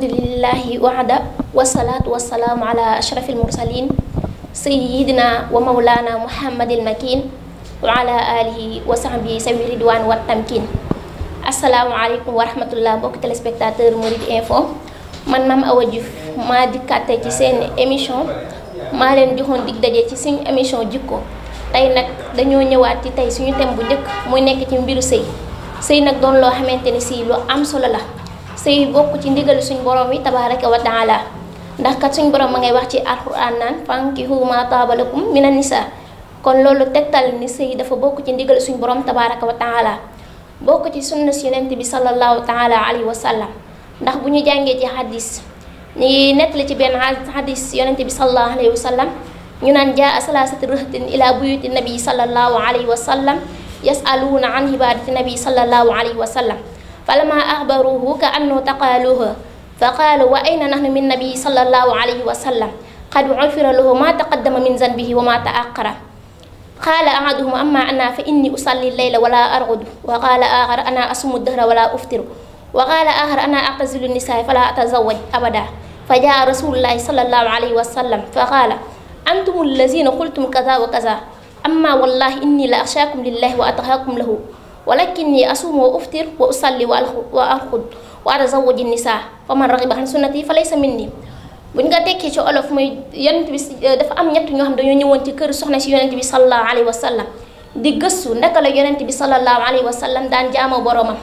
الحمد لله وعدا والصلاة والسلام على أشرف المرسلين سيدنا ومولانا محمد المكين وعلى آله وصحبه سبيل الرضوان والتمكين السلام عليكم ورحمة الله بوك تلسبكتاتور مريد إنفو من مام أوجف ما دكاتي تي آه. سين إميشون ما لين جهون ديك دجي تي سين إميشون جيكو تاي نك دانيو نيواتي تاي سيني تيم بو نيك تي مبيرو سي سي نك دون لو خامتيني سي لو ام سولو sëy bokk ci ndigal suñ borom yi tabaraka wa taala ndax kat suñ borom ngay wax ci alquran nan fankihu ma taabalakum mina nisa kon lolu tektal ni sey dafa bokk ci ndigal suñ borom tabaraka wa taala bokk ci sunna si bi sallallahu taala alayhi wa sallam ndax buñu jangé ci hadis ni netle ci ben hadis yonent bi sallallahu alayhi wa sallam ñu nan jaa salasatu ila buyuti nabi sallallahu alayhi wa sallam yasaluna an hibadati nabi sallallahu alayhi wa sallam فلما أخبروه كأنه تقالوه فقالوا وأين نحن من النبي صلى الله عليه وسلم قد عفر له ما تقدم من ذنبه وما تأخر قال أحدهم أما أنا فإني أصلي الليل ولا أرقد وقال آخر أنا أصوم الدهر ولا أفطر وقال آخر أنا أعتزل النساء فلا أتزوج أبدا فجاء رسول الله صلى الله عليه وسلم فقال أنتم الذين قلتم كذا وكذا أما والله إني لأخشاكم لله وأتخاكم له ولكني أصوم وأفطر وأصلي وأرقد وأتزوج النساء فمن رغب عن سنتي فليس مني buñ nga tekké ci olof moy yonent bi eh, dafa am ñett ñoo xam dañoo ñëwoon ci kër soxna si yonent bi sallallahu alayhi wa sallam di gëstu naka la yonent bi sallallahu alayhi wa sallam daan jaamoo boromam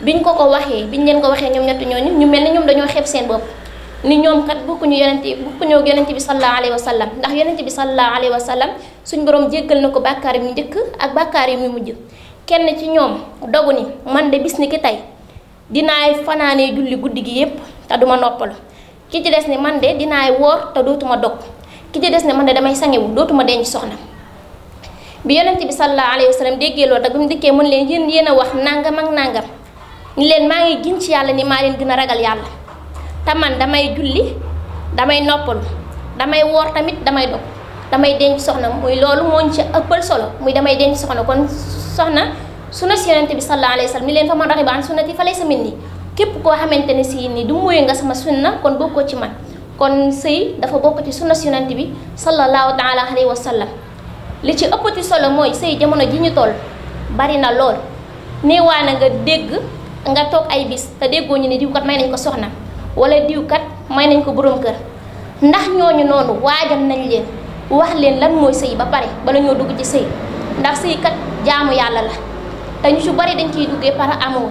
biñ ko ko waxee biñ leen ko waxee ñoom ñett ñooñu ñu mel ne ñoom dañoo xeeb seen bopp ni ñoom kat bokku ñu yonent bokku ñoo yonent bi sallallahu alayhi wa ndax yonent bi sallallahu suñ borom jéggal ak bàkkaar yu mujj kenn ci ñom dogu ni man de bis ni ki dina dinaay fanane julli guddigi yep ta duma noppal ki ci des ni man de dinaay wor ta dootuma dog ki ci des ni man de damay sangewu dootuma denc soxna bi yonent bi sallallahu alayhi wasallam degge lo tak bimu dikke mun len yeen yena wax nangam ak nangam ni len ma ngi gin ci yalla ni ma len gën ragal yalla ta man damay julli damay noppal damay wor tamit damay dog damay denc soxna muy lolu mo ci eppal solo muy damay denc soxna kon soxna sunna si yonente bi sallallahu alayhi wa sallam ni leen fa man raxiba an sunnati fa laysa minni képp koo xamante ne si ni du mooy nga sama sunna kon bokkoo ci man kon sëy dafa bokk ci sunna si yonente bi sallallahu taala alayhi wa sallam li ci ëppati solo mooy sëy jamono ji ñu toll bari na lool neewaa na nga dégg nga toog ay bis te déggoo ñu ne diw kat may nañ ko soxna wala diw kat may nañ ko boroom kër ndax ñooñu noonu waajal nañ leen wax leen lan mooy sëy ba pare bala ñoo dugg ci sëy ndax sëy jaamu yalla la te ñu ci bari dañ ciy duggé par amour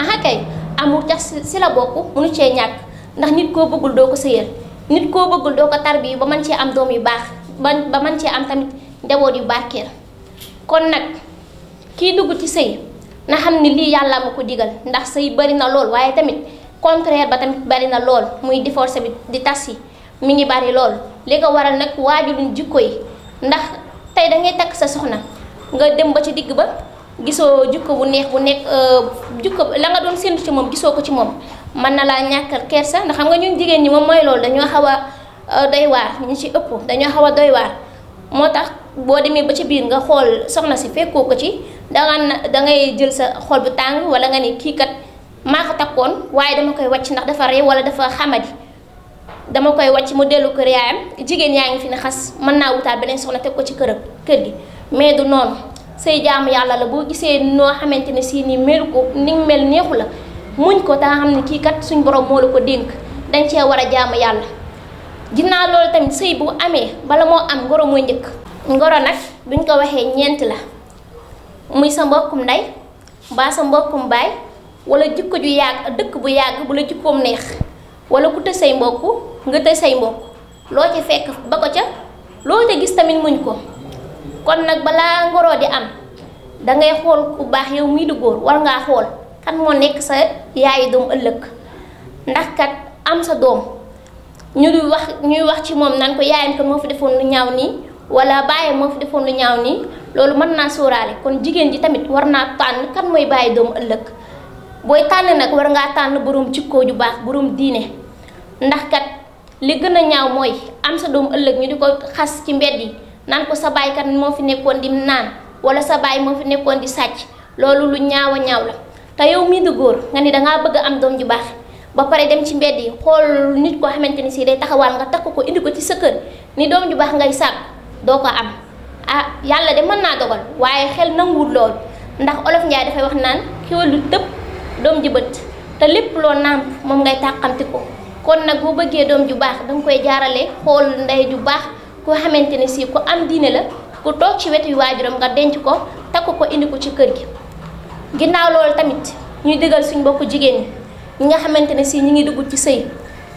aha kay amour ci ci la bokku munu ci ñak ndax nit ko bëggul do ko seyel nit ko bëggul do ko tarbi ba man ci am doom yu baax ba man ci am tamit njaboot yu barkel kon nak ki dugg ci sey na xamni li yalla mako digal ndax sey bari na lool waye tamit contraire ba tamit bari na lool muy divorce bi di tassi mi ngi bari lool li nga waral waju luñu jikko yi ndax tay da ngay tak sa soxna nga dem ba ci digg ba gisoo jukko bu neex bu nekk jukko la nga doon séntu ci moom gisoo ko ci moom man na laa ñàkkal sa ndax xam nga ñun jigéen ñi moom mooy loolu dañoo xaw a doy waar ñu ci ëpp dañoo xaw a doy waar moo tax boo demee ba ci biir nga xool soxna si fekkoo ko ci da nga da ngay jël sa xol bu tàng wala nga ne kii kat maa ko takkoon waaye dama koy wàcc ndax dafa rey wala dafa xamadi dama koy wàcc mu dellu kër yaayam jigéen yaa ngi fi ne xas mën naa wutaat beneen soxna teg ko ci kërëm kër gi mais du noonu say jaamu yàlla la boo gisee noo xamante ne sii nii melu ko ni mel neexu la muñ ko ta xam ne kii kat suñ borom moo la ko dénk dañ cee war a jaamu yàlla. ginnaaw loolu tamit sëy bu amee bala moo am ngoro mooy njëkk. ngoro nag buñ ko waxee ñeent la muy sa mbokkum ndey mbaa mbokkum baay wala jikko ju yàgg dëkk bu yàgg bu la jikkoom neex wala ku tëj say mbokk nga tëj say mbokk loo ca fekk ba ko ca loo ca gis tamit muñ ko. kon nak bala ngoro di am da ngay xol ku bax yow mi du gor war ngaa xol kan mo nek sa yaay dum ëllëg ndax kat am sa dom ñu di wax ñuy wax ci mom nan ko yaayam ko mo fi defoon lu ñaaw ni wala baye mo fi defoon lu ñaaw ni lolu man na kon jigen ji tamit war naa tan kan moy baye dom ëllëg boy tan nak war ngaa burum ci ko ju bax burum diine ndax kat li gëna ñaaw moy am sa dom ëllëg ñu di ko ci mbedd naan ko sa baay kat moo fi nekkoon di naan wala sa baay moo fi nekkoon di sàcc loolu lu ñaaw a ñaaw la te yow mii di góor nga ni dangaa bëgg am doom ju baax ba pare dem ci mbedd yi xool nit koo xamante ni sii day taxawaal nga takk ko indi ko ci sa kër ni doom ju baax ngay sàkk doo ko am ah yàlla de mën naa dogal waaye xel nanguwul lool ndax olof Njaay dafay wax naan xéwal lu tëb doom ji bët te lépp loo nàmp moom ngay tàqamti ko kon nag boo bëggee doom ju baax danga koy jaarale xool ndey ju baax koo xamante ne si ku am diine la ku toog ci wetu waajuram nga denc ko takk ko indi ko ci kër gi ginnaaw loolu tamit ñuy dëggal suñ bokk jigéen ñi nga xamante ne si ñu ngi dugg ci sëy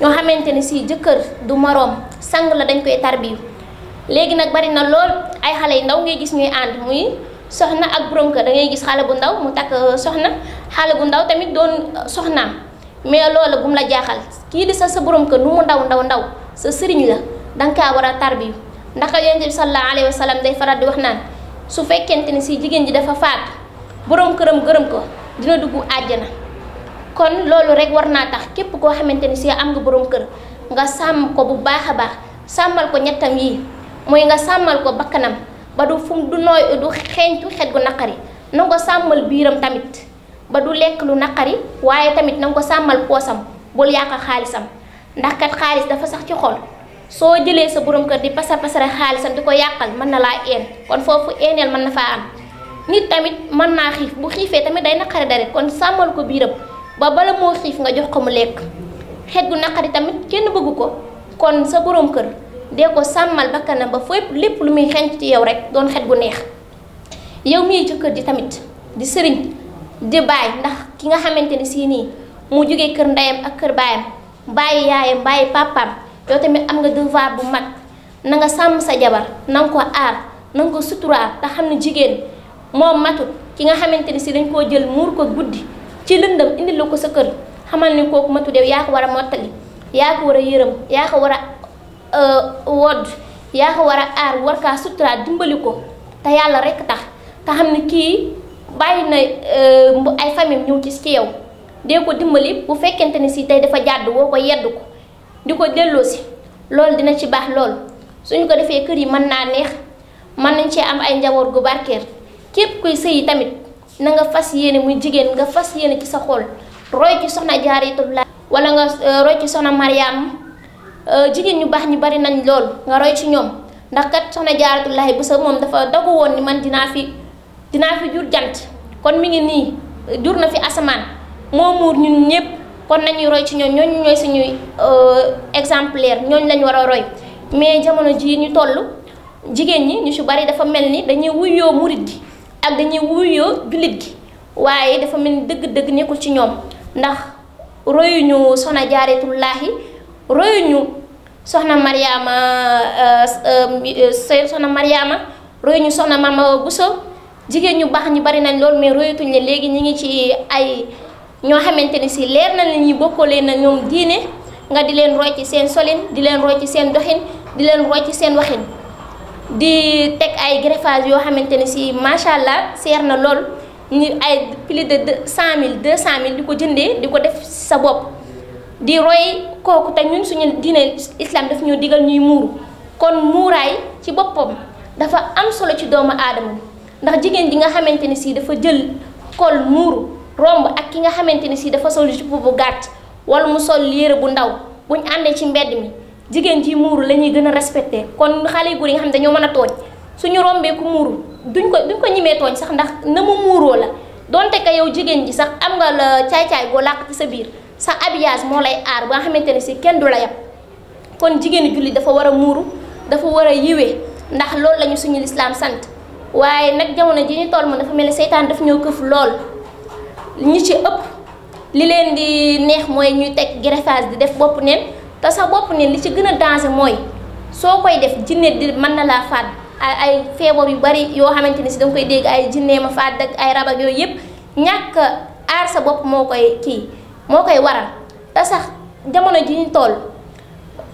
ñoo xamante ne si jëkkër du moroom sang la dañ koy tarbiyu léegi nag bari na lool ay xale yu ndaw ngay gis ñuy ànd muy soxna ak borom kër da ngay gis xale bu ndaw mu takk euh, soxna xale bu ndaw tamit doon euh, soxnaam mais loolu bu mu la jaaxal kii di sa sa borom kër nu mu ndaw ndaw ndaw sa sëriñ dang wara wara a tarbiyu ndax yonente bi salallahu alayhi wa day faral di wax nan su fekente ni si jigen ji dafa borom kërëm gërëm ko dina dugg aljana kon lolu rek warna tax kep ko xamanteni si am nga borom kër nga sam ko bu baax baax samal ko ñettam yi moy nga samal ko bakkanam ba du fum du noy du xéñtu xet gu nakari nango samal tamit ba du lek lu nakari waye tamit nango samal posam sàmmal poosam bul yàq xaalisam ndax kat dafa sax ci xol so jele sa borom keur di pasar hal xal ya, sam ko yakal man na la en kon fofu enel man na fa am nit tamit man na xif bu xife tamit day nakari dare kon samal ko biiram ba bala mo xif nga jox ko mu lek xet gu nakari tamit kenn bëgg kon sa borom keur de ko samal bakana ba fepp lepp lu mi xenc ci yow rek don xet gu neex yow mi ci keur di tamit di serign di bay ndax ki nga si ni mu joge keur ndayam ak keur bayam baye yaayam baye papam yow tamit am nga devoir bu mag na nga sàmm sa jabar na ko aar na ko suturaar te xam ne jigéen moom matut ki nga xamante ni si dañ koo jël muur ko guddi ci lëndam indil la ko sa kër xamal ni kooku matut yow yaa ko war a mottali yaa ko war a yërëm yaa ko war a euh, wodd yaa ko war a aar war kaa suturaat dimbali ko te yàlla rekk tax te xam ne kii bàyyi na euh, ay famille ñëw ci ci yow dee ko dimbali bu fekkente ne si tey dafa jàdd woo ko yedd ko diko ko lol loolu dina ci bax lol suñu ko defé kër yi man na neex man nañ ci am ay njabor gu barker kep kuy sey tamit na nga fas yene muy jigen nga fas yene ci sa xol roy ci soxna jaaritullah wala nga euh, roy ci soxna mariam euh, jigen ñu bax ñu bari nañ lol nga roy ci ñom ndax kat soxna jaaratullahi bu sa mom dafa dogu won ni man dina fi dina fi jur jant kon mi ngi ni jur na fi asaman mo mur ñun ñepp kon nañuy roy ci ñoom ñooñu ñooy suñuy euh, exemplaire ñooñu lañ war a roy mais jamono jii ñu toll jigéen ñi ñu ci bari dafa mel ni dañuy wuyoo murit gi ak dañuy wuyoo jullit gi waaye dafa mel ni dëgg-dëgg nekkul ci ñoom ndax royuñu soxna jaaretullaahi royuñu soxna Mariama euh, euh, soxna Mariama royuñu soxna Mama Bousso jigéen ñu baax ñu bari nañ lool mais royutuñ leen léegi ñu ngi ci ay. ñoo xamante ne si leer na ne ñuy bokkoo leen na ñoom diine nga di leen roy ci seen solin di leen roy ci seen doxin di leen roy ci seen waxin di teg ay greffage yoo xamante ne sii macha allah seer na lool ñu ay plus de cent mille deux cent mille di ko jëndee di ko def sa bopp di roy kooku te ñun suñu diine islam daf ñoo digal ñuy muuru kon muuraay ci boppam dafa am solo ci doomu aadama ndax jigéen ji nga xamante ne si dafa jël kol muuru romb ak ki nga xamante ni si dafa sol jupe bu gàtt wala mu sol yére bu ndaw buñ àndee ci mbedd mi jigéen ji muuru la ñuy gën a respecté kon xale yu góor nga xam ne dañoo mën a tooñ suñu rombee ku muuru duñ ko duñ ko ñimee tooñ sax ndax na mu muuroo la donte ka yow jigéen ji sax am nga la caay-caay boo làq ci sa biir sa habillage moo lay aar ba nga xamante ne si kenn du la yab kon jigéenu julli dafa war a muuru dafa war a yiwee ndax loolu lañu suñu lislaam sant waaye nag jamono ji ñu toll ma dafa mel ni seytaan daf ñoo këf lool ñi ci ëpp li leen di neex mooy ñuy teg greffage di def bopp neen te sa bopp neen li ci gën a danger mooy soo koy def jinne di mën na laa faat ay feebar yu bari yoo xamante ni si danga koy dégg ay jinne ma faat ak ay rab ak yooyu yëpp ñàkk aar sa bopp moo koy kii moo koy waral te sax jamono ji ñu toll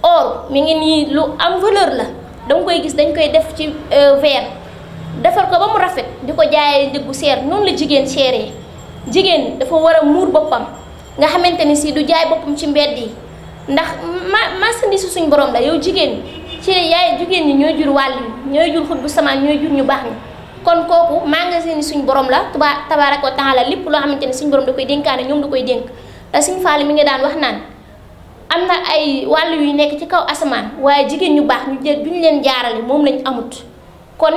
or mu ngi nii lu am valeur la danga koy gis dañ koy def ci euh, verre defar ko ba mu rafet di ko jaayee njëggu seer noonu la jigéen seeree. jigéen dafa war a muur boppam nga xamante ni si du jaay boppam ci mbedd yi ndax ma marchandise suñ borom la yow jigéen ci yaay jigéen ñi ñooy jur wàll yi ñooy jur xut bu sama ñooy jur ñu baax ñi kon kooku magasin yi suñ borom la tuba tabaaraka wa taala lépp loo xamante ni suñ borom da koy dénkaane ñoom da koy dénk te suñ faale mi ngi daan wax naan am na ay wàll yu nekk ci kaw asamaan waaye jigéen ñu baax ñu jël bi ñu leen jaarale moom lañ amut kon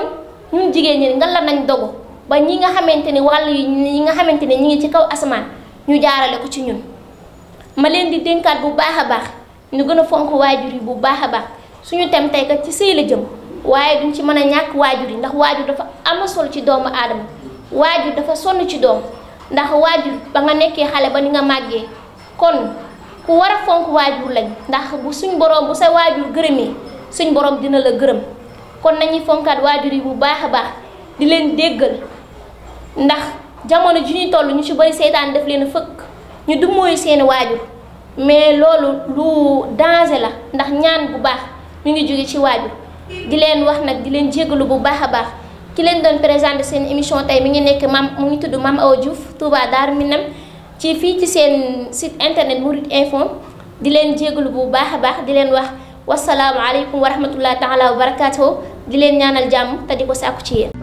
ñun jigéen ñi nga la nañ dogo ba ñi nga xamanteni walu ñi nga xamanteni ñi ngi ci kaw asman ñu jaarale ko ci ñun ma leen di denkat bu baaxa baax ñu gëna fonk wajuri bu baaxa baax suñu tem tay ka ci sey la jëm waye duñ ci mëna ñak wajuri ndax waju dafa am sol ci doomu adam waju dafa sonu ci doom ndax waju ba nga nekké xalé ba ni nga maggé kon ku wara fonk wajur lañ ndax bu suñ borom bu sa wajur gërëmé suñ borom dina la gëreem kon nañuy fonkat wajuri bu baaxa baax di leen deggal ndax jamono ji ñuy toll ñu ci bëri seytaan def leen a fëkk ñu du mooyu seeni waajur mais loolu lu danger la ndax ñaan bu baax mi ngi jóge ci waajur di leen wax nag di leen jégalu bu baax a baax ki leen doon présenté seen émission tey mi ngi nekk mam mu ngi tudd Mame Awa Diouf Touba Darou Minam ci fii ci seen site internet Mourides Info di leen jégalu bu baax a baax di leen wax wasalaamualeykum wa rahmatullahi taala wa di leen ñaanal jàmm te di ko sàkku ci yéen